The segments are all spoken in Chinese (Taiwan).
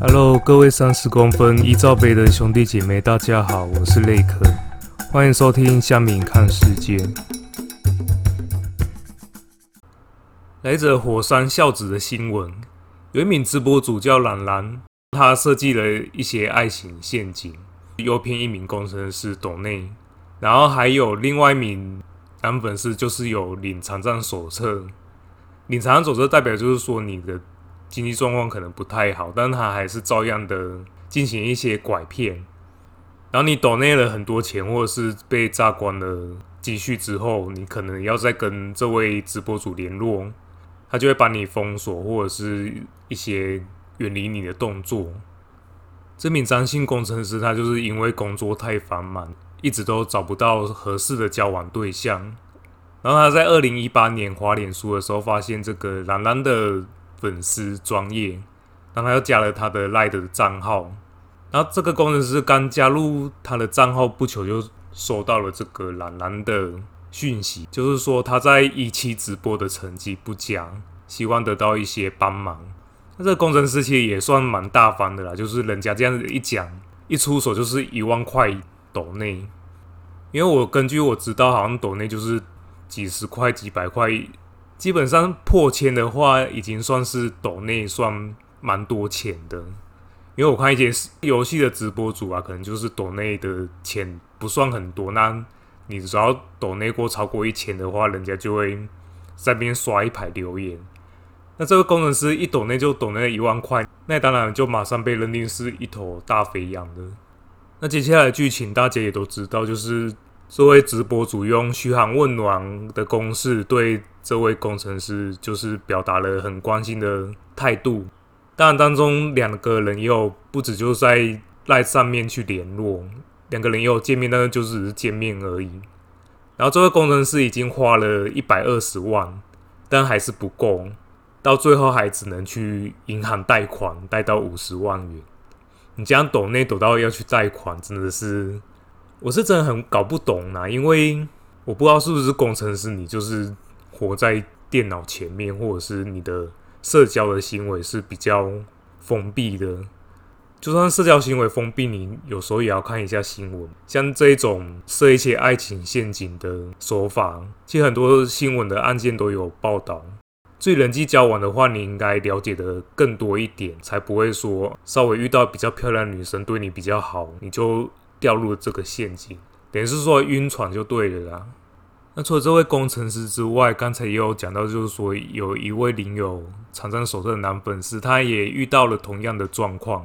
Hello，各位三十公分一罩杯的兄弟姐妹，大家好，我是內可。歡迎收聽《下面看世界》。來自火山孝子的新聞，有一名直播主叫懶懶，他設計了一些愛情陷阱，誘騙一名工程師抖內，然後還有另外一名男粉絲，是就是有領殘障手冊。領殘障手冊代表就是說你的。經濟狀況可能不太好，但他還是照樣的進行一些拐騙。然後你抖內了很多錢，或者是被榨光了積蓄之後，你可能要再跟這位直播主聯絡，他就會把你封鎖，或者是一些遠離你的動作。這名張姓工程師他就是因為工作太繁忙，一直都找不到合適的交往對象。然後他在二零一八年華臉書的時候發現這個蘭蘭的，粉絲專業，然後他又加了他的賴的賬號，然後這個工程師剛加入他的賬號不久，就收到了這個蘭蘭的訊息，就是說他在一期直播的成績不佳，希望得到一些幫忙。那這個工程師其實也算蠻大方的啦，就是人家這樣子一講，一出手就是一萬塊抖內，因為我根據我知道，好像抖內就是幾十塊、幾百塊。基本上破千的話，已經算是抖內算蠻多錢的。因為我看一些遊戲的直播主啊，可能就是抖內的錢不算很多，那你只要抖內過超過一千的話，人家就會在那邊刷一排留言。那這個工程師一抖內就抖內一萬塊，那當然就馬上被認定是一頭大肥羊了。那接下來劇情大家也都知道，就是。這位直播主用噓寒問暖的公式對這位工程師，就是表達了很關心的態度。當然，當中兩個人又不止就在賴上面去聯絡，兩個人又見面，當然就是只是見面而已。然後，這位工程師已經花了一百二十萬，但還是不夠，到最後還只能去銀行貸款，貸到五十萬元。你這樣抖內抖到要去貸款，真的是。我是真的很搞不懂吶、啊，因為我不知道是不是工程師，你就是活在電腦前面，或者是你的社交的行為是比較封閉的。就算社交行為封閉，你有時候也要看一下新聞。像這種設一些愛情陷阱的手法，其實很多新聞的案件都有報道。最人際交往的話，你應該了解的更多一點，才不會說稍微遇到比較漂亮的女生對你比較好，你就。掉入了這個陷阱，等於是說暈船就對了啦。那除了這位工程師之外，剛才也有講到，就是說有一位領有長生手冊的男粉絲，他也遇到了同樣的狀況。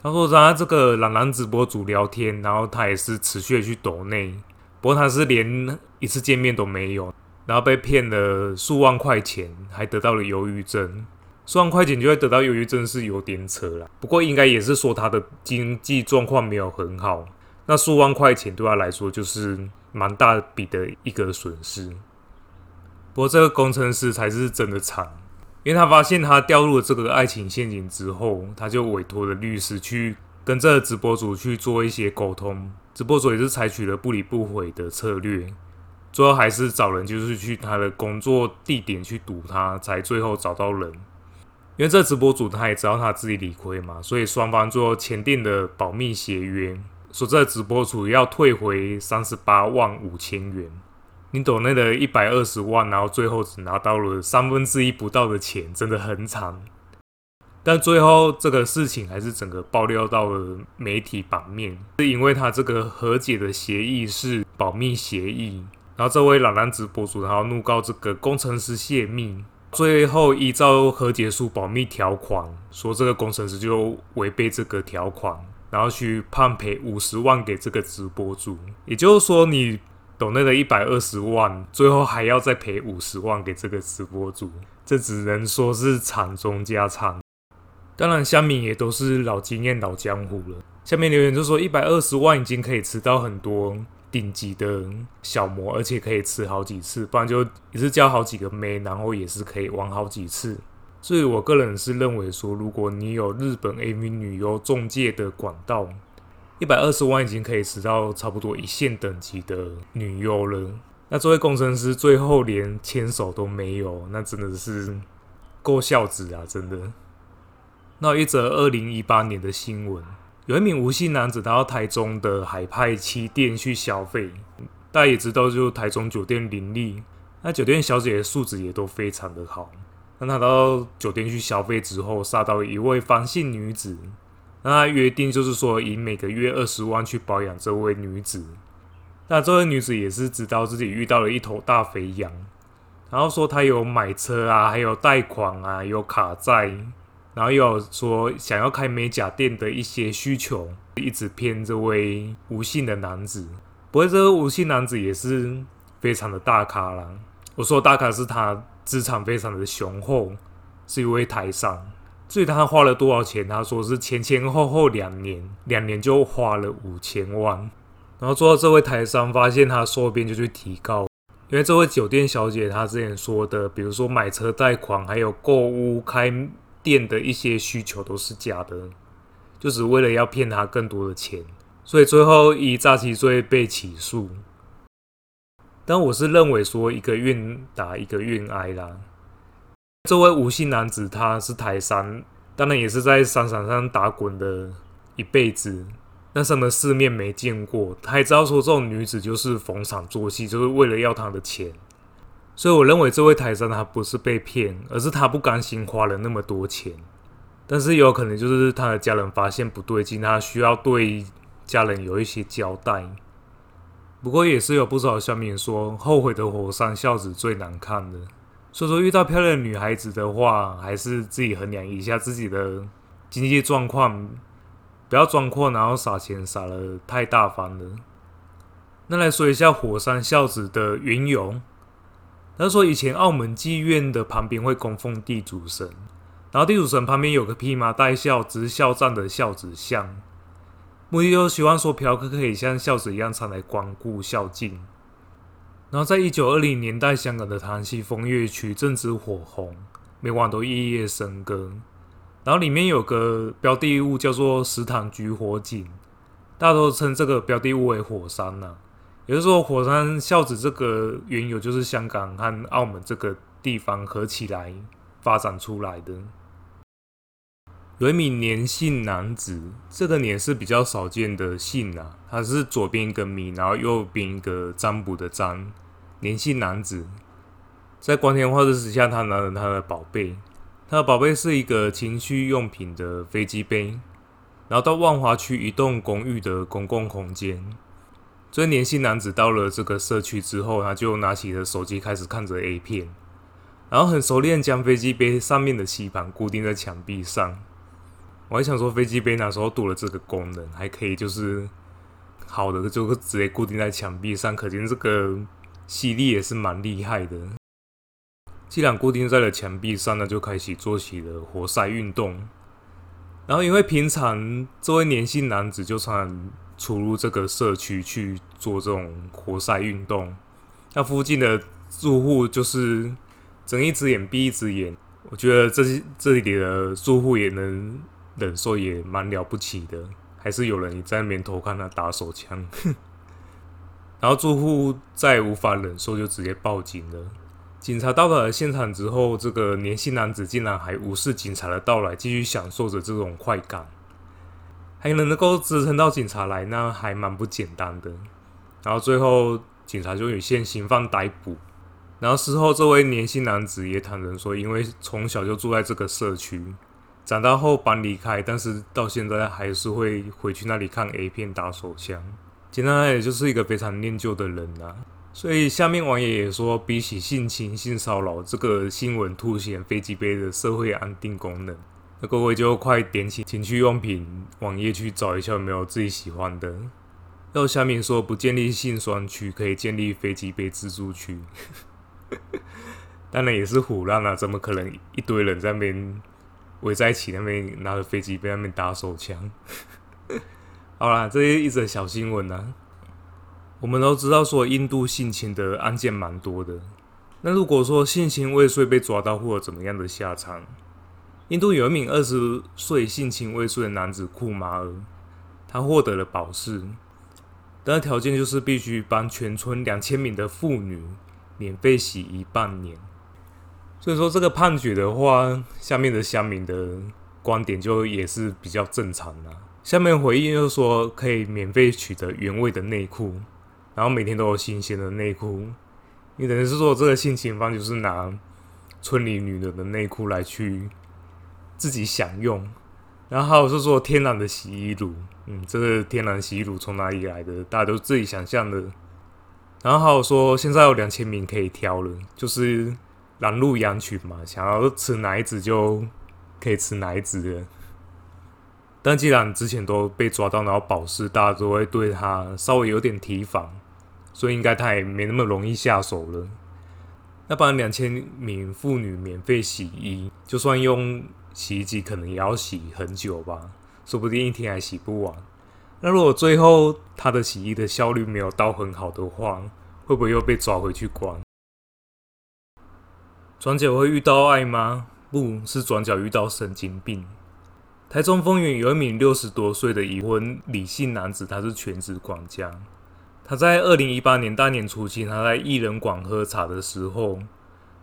他說，他這個朗朗直播主聊天，然後他也是持續去抖內，不過他是連一次見面都沒有，然後被騙了數萬塊錢，還得到了憂鬱症。數萬塊錢就會得到憂鬱症是有點扯啦。不過應該也是說他的經濟狀況沒有很好。那數萬塊錢對他來說就是蠻大筆的一個損失。不過，這個工程師才是真的慘，因為他發現他掉入了這個愛情陷阱之後，他就委託了律師去跟這個直播主去做一些溝通。直播主也是採取了不理不回的策略，最後還是找人就是去他的工作地點去堵他，才最後找到人。因為這個直播主他也知道他自己理虧嘛，所以雙方就簽訂了保密協約。所在直播主要退回三十八萬五千元，你抖內的一百二十萬，然後最後只拿到了三分之一不到的錢，真的很慘。但最後這個事情還是整個爆料到了媒體版面，是因為他這個和解的協議是保密協議，然後這位老男子直播主然後怒告這個工程師洩密，最後依照和解書保密條款，說這個工程師就違背這個條款。然後去判賠五十萬給這個直播主，也就是說你抖內了一百二十萬，最後還要再賠五十萬給這個直播主，這只能說是慘中加慘。當然，鄉民也都是老經驗、老江湖了。下面留言就說一百二十萬已經可以吃到很多頂級的小模，而且可以吃好幾次，不然就也是叫好幾個妹，然後也是可以玩好幾次。至於我個人是認為說，如果你有日本 AV 女優中介的管道，一百二十萬已經可以吃到差不多一線等級的女優了。那作為工程師，最後連牽手都沒有，那真的是夠孝子啊！真的。那一則二零一八年的新聞，有一名吳姓男子到台中的海派七店去消費，大家也知道，就是台中酒店林立，那酒店小姐的素質也都非常的好。讓他到酒店去消費之後，殺到一位方姓女子，那他約定就是說以每個月二十萬去保養這位女子。那這位女子也是知道自己遇到了一頭大肥羊，然後說他有買車啊，還有貸款啊，有卡債，然後又有說想要開美甲店的一些需求，一直騙這位吳姓的男子。不過這個吳姓男子也是非常的大咖啦。我說大咖是他。資產非常的雄厚，是一位台商。至於他花了多少錢，他說是前前後後兩年，兩年就花了五千萬。然後做到這位台商，發現他收編就去提高，因為這位酒店小姐她之前說的，比如說買車貸款，還有購物開店的一些需求都是假的，就只、是、為了要騙他更多的錢。所以最後以詐欺罪被起訴。但我是認為說，一個願打一個願挨啦。這位吳姓男子他是台商，當然也是在商場上打滾了一輩子，那上的世面沒見過？他還知道說，這種女子就是逢場作戲，就是為了要他的錢。所以我認為這位台商他不是被騙，而是他不甘心花了那麼多錢。但是也有可能就是他的家人發現不對勁，他需要對家人有一些交代。不過也是有不少鄉民說，後悔的火山孝子最難看了，所以說遇到漂亮的女孩子的話，還是自己衡量一下自己的經濟狀況，不要裝闊，然後撒錢撒得太大方了。那來說一下火山孝子的源由，他說以前澳門妓院的旁邊會供奉地主神，然後地主神旁邊有個披麻戴孝執孝杖的孝子像。目的就希望說嫖客可，可以像孝子一樣常來光顧孝敬，然後在一九二零年代，香港的塘西風月區正值火紅，每晚都夜夜笙歌，然後裡面有個標的物叫做石塘咀火井，大家都稱這個標的物為火山吶、啊。也就是說，火山孝子這個緣由就是香港和澳門這個地方合起來發展出來的。有一名粘姓男子，這個粘是比較少見的姓啊。他是左邊一個米，然後右邊一個占卜的占。粘姓男子在光天化日之下，他拿了他的寶貝，他的寶貝是一個情趣用品的飛機杯，然後到萬華區一棟公寓的公共空間。這粘姓男子到了這個社區之後，他就拿起了手機開始看着 A 片，然後很熟練將飛機杯上面的吸盤固定在牆壁上。我還想說，飛機杯那時候多了這個功能，還可以就是好的，就直接固定在牆壁上。可見這個吸力也是蠻厲害的。既然固定在了牆壁上呢，就開始做起了活塞運動。然後因為平常這位年輕男子，就常常出入這個社區去做這種活塞運動，那附近的住戶就是睜一只眼閉一只眼。我覺得這這裡的住戶也能。忍受也蠻了不起的，還是有人在那頭偷看他打手槍， 然後住戶再無法忍受，就直接報警。了。警察到達了現場之後，這個年輕男子竟然還無視警察的到來，繼續享受着這種快感，還能能夠支撐到警察來，那還蠻不簡單的。然後最後警察就以現行犯逮捕，然後事後這位年輕男子也坦承說，因為從小就住在這個社區。長大後搬離開，但是到現在還是會回去那裡看 A 片打手槍。簡單來也就是一個非常念舊的人啦、啊。所以下面網友也說，比起性侵性騷擾，這個新聞凸顯飛機杯的社會安定功能。那各位就快點起情趣用品網頁去找一下有沒有自己喜歡的。又下面說不建立性雙區，可以建立飛機杯自助區。 當然也是唬爛啊，怎麼可能一堆人在那邊？圍在一起，那邊拿着飛機被那邊打手槍。 好啦，這是一則小新聞呢、啊。我們都知道說印度性侵的案件蠻多的。那如果說性侵未遂被抓到，會有怎麼樣的下場？印度有一名二十歲性侵未遂的男子庫馬爾，他獲得了保釋，但條件就是必須幫全村兩千名的婦女免費洗衣半年。所以說這個判決的話，下面的鄉民的觀點就也是比較正常的。下面回應就是說可以免費取得原味的內褲，然後每天都有新鮮的內褲。你等於是說這個性侵犯就是拿村裡女人的內褲來去自己享用。然後還有是說天然的洗衣乳，嗯，這個天然洗衣乳從哪裡來的？大家都自己想象的。然後還有說現在有兩千名可以挑了，就是。狼入羊群嘛，想要吃奶子就可以吃奶子了。但既然之前都被抓到，然後保釋，大家都會對他稍微有點提防，所以應該他也沒那麼容易下手了。那幫兩千名婦女免費洗衣，就算用洗衣機，可能也要洗很久吧，說不定一天還洗不完。那如果最後他的洗衣的效率沒有到很好的話，會不會又被抓回去關？轉角會遇到愛嗎？不，是轉角遇到神經病。台中豐原有一名六十多歲的已婚李姓男子，他是全職管家。他在二零一八年大年初七，他在藝人館喝茶的時候，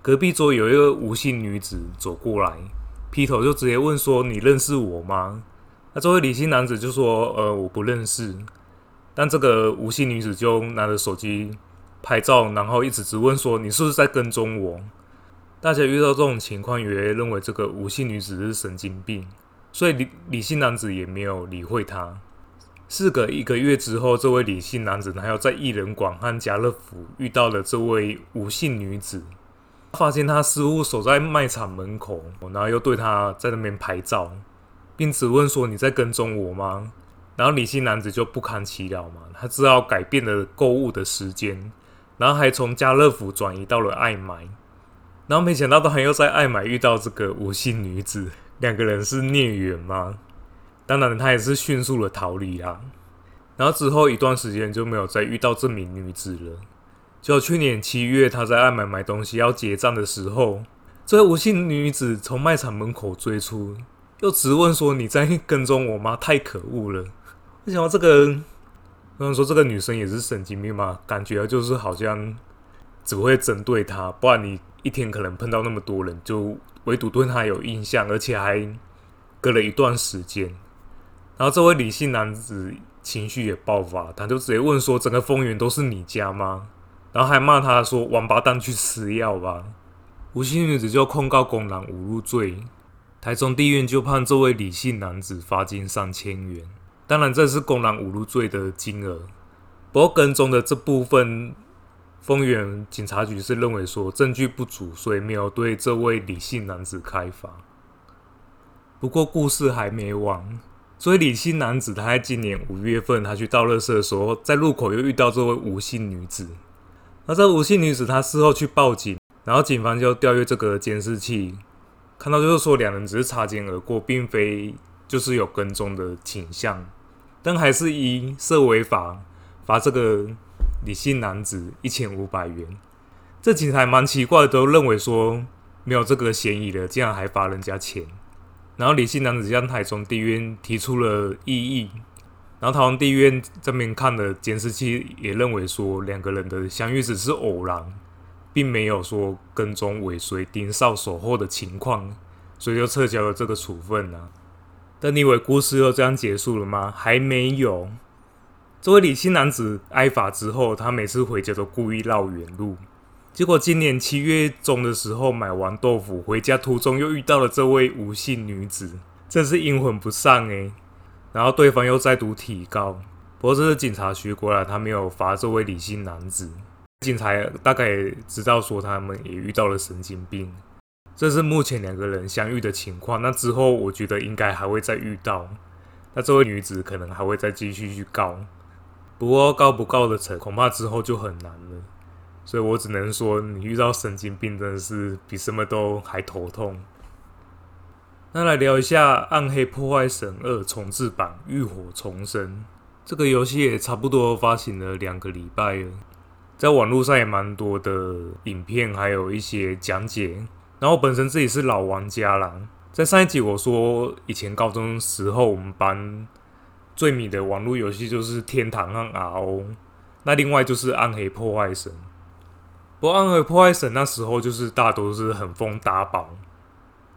隔壁桌有一個吳姓女子走過來，劈頭就直接問說：“你認識我嗎？”那這位李姓男子就說：“呃，我不認識。”但這個吳姓女子就拿着手機拍照，然後一直直問說：“你是不是在跟蹤我？”大家遇到這種情況，也認為這個吳姓女子是神經病，所以李李姓男子也沒有理會她。事隔一個月之後，這位李姓男子還有在藝人館和家樂福遇到了這位吳姓女子，發現她似乎守在賣場門口，然後又對他在那邊拍照，並質問說：“你在跟蹤我嗎？”然後李姓男子就不堪其擾嘛，他知道改變了購物的時間，然後還從家樂福轉移到了愛買。然後沒想到，他又在愛買遇到這個吳姓女子，兩個人是孽緣嗎？當然，他也是迅速的逃離啦、啊。然後之後一段時間就沒有再遇到這名女子了。就去年七月，他在愛買買東西要結賬的時候，這位吳姓女子從賣場門口追出，又質問說：“你在跟蹤我嗎？太可惡了！”我想到這個人，不能說這個女生也是神經病嘛，感覺就是好像。只會針對他，不然你一天可能碰到那麼多人，就唯獨對他有印象，而且還隔了一段時間。然後這位李姓男子情緒也爆發，他就直接問說：“整個豐原都是你家嗎？”然後還罵他說：“王八蛋，去吃藥吧！”吳姓女子就控告公然侮辱罪，台中地院就判這位李姓男子罰金三千元。當然，這是公然侮辱罪的金額，不過跟蹤的這部分。豐原警察局是認為說證據不足，所以沒有對這位李姓男子開罰。不過故事還沒完，所以李姓男子他在今年五月份他去倒垃圾的時候，在路口又遇到這位吳姓女子。那這個吳姓女子她事後去報警，然後警方就調閱這個監視器，看到就是說兩人只是擦肩而過，並非就是有跟蹤的傾向，但還是以社維法罰這個。李姓男子一千五百元，這其實還蠻奇怪的，都認為說沒有這個嫌疑的，竟然還罰人家錢。然後李姓男子向台中地院提出了異議，然後台中地院這邊看了監視器，也認為說兩個人的相遇只是偶然，並沒有說跟蹤尾隨盯梢守候的情況，所以就撤銷了這個處分啊。但你以為故事就這樣結束了嗎？還沒有。這位李姓男子挨罰之後，他每次回家都故意繞遠路。結果今年七月中的時候，買完豆腐回家，途中又遇到了這位吳姓女子，真是陰魂不散哎。然後對方又再度提告。不過，這是警察學過來他沒有罰這位李姓男子。警察大概也知道，說他們也遇到了神經病。這是目前兩個人相遇的情況。那之後，我覺得應該還會再遇到。那這位女子可能還會再繼續去告。不過告不告得成，恐怕之後就很難了，所以我只能說，你遇到神經病真的是比什麼都還頭痛。那來聊一下《暗黑破壞神二》重置版《浴火重生》，這個遊戲也差不多發行了兩個禮拜了，在網絡上也蠻多的影片，還有一些講解。然後本身自己是老玩家了，在上一集我說，以前高中時候我們班，最迷的網絡遊戲就是《天堂》和《RO》，那另外就是《暗黑破壞神》。不過《暗黑破壞神》那時候就是大多是很瘋打寶，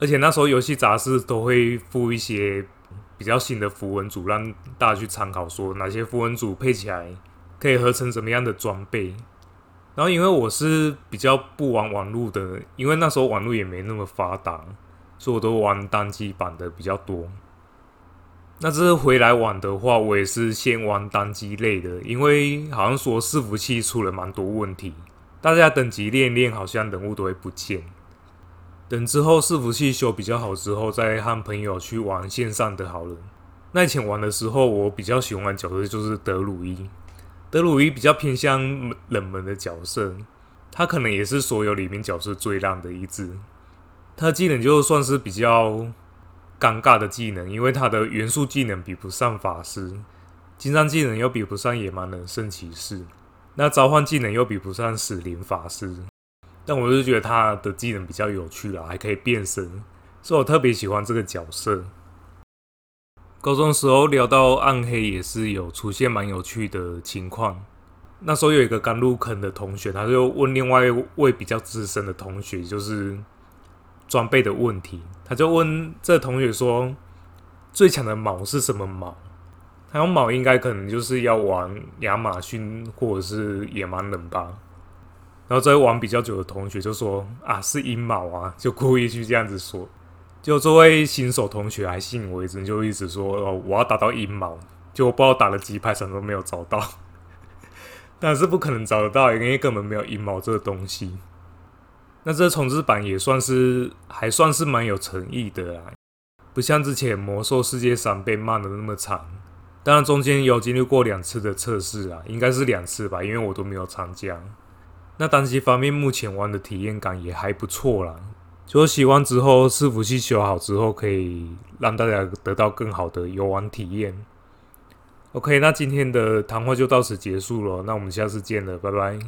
而且那時候遊戲雜誌都會附一些比較新的符文組，讓大家去參考，說哪些符文組配起來可以合成什麼樣的裝備。然後因為我是比較不玩網絡的，因為那時候網絡也沒那麼發達，所以我都玩單機版的比較多。那這次回來玩的話，我也是先玩單機類的，因為好像說伺服器出了蠻多問題，大家等級練練，練好像人物都會不見。等之後伺服器修比較好之後，再和朋友去玩線上的好了。那以前玩的時候，我比較喜歡玩的角色就是德魯伊，德魯伊比較偏向冷門的角色，他可能也是所有裡面角色最爛的一隻，他技能就算是比較。尷尬的技能，因為他的元素技能比不上法師，近戰技能，又比不上野蠻人、聖騎士，那召喚技能又比不上死靈法師。但我就覺得他的技能比較有趣啦，還可以變身，所以我特別喜歡這個角色。高中的時候聊到暗黑也是有出現蠻有趣的情況，那時候有一個剛入坑的同學，他就問另外一位比較資深的同學，就是。裝備的問題，他就問這同學說：“最強的矛是什麼矛？”他用“矛”應該可能就是要玩亞馬遜或者是野蠻人吧。然後這位玩比較久的同學就說：“啊，是陰毛啊！”就故意去這樣子說。就這位新手同學還信，我一直就一直說：“哦，我要打到陰毛。”結果不知道打了幾排，什麼都沒有找到。但是不可能找得到，因為根本沒有陰毛這個東西。那這重製版也算是還算是蠻有誠意的啦，不像之前魔獸世界三被罵的那麼慘。當然中間有經歷過兩次的測試啊，應該是兩次吧，因為我都沒有參加。那單機方面目前玩的體驗感也還不錯啦，就希望之後伺服器修好之後可以讓大家得到更好的遊玩體驗。OK，那今天的談話就到此結束了，那我們下次見了，拜拜。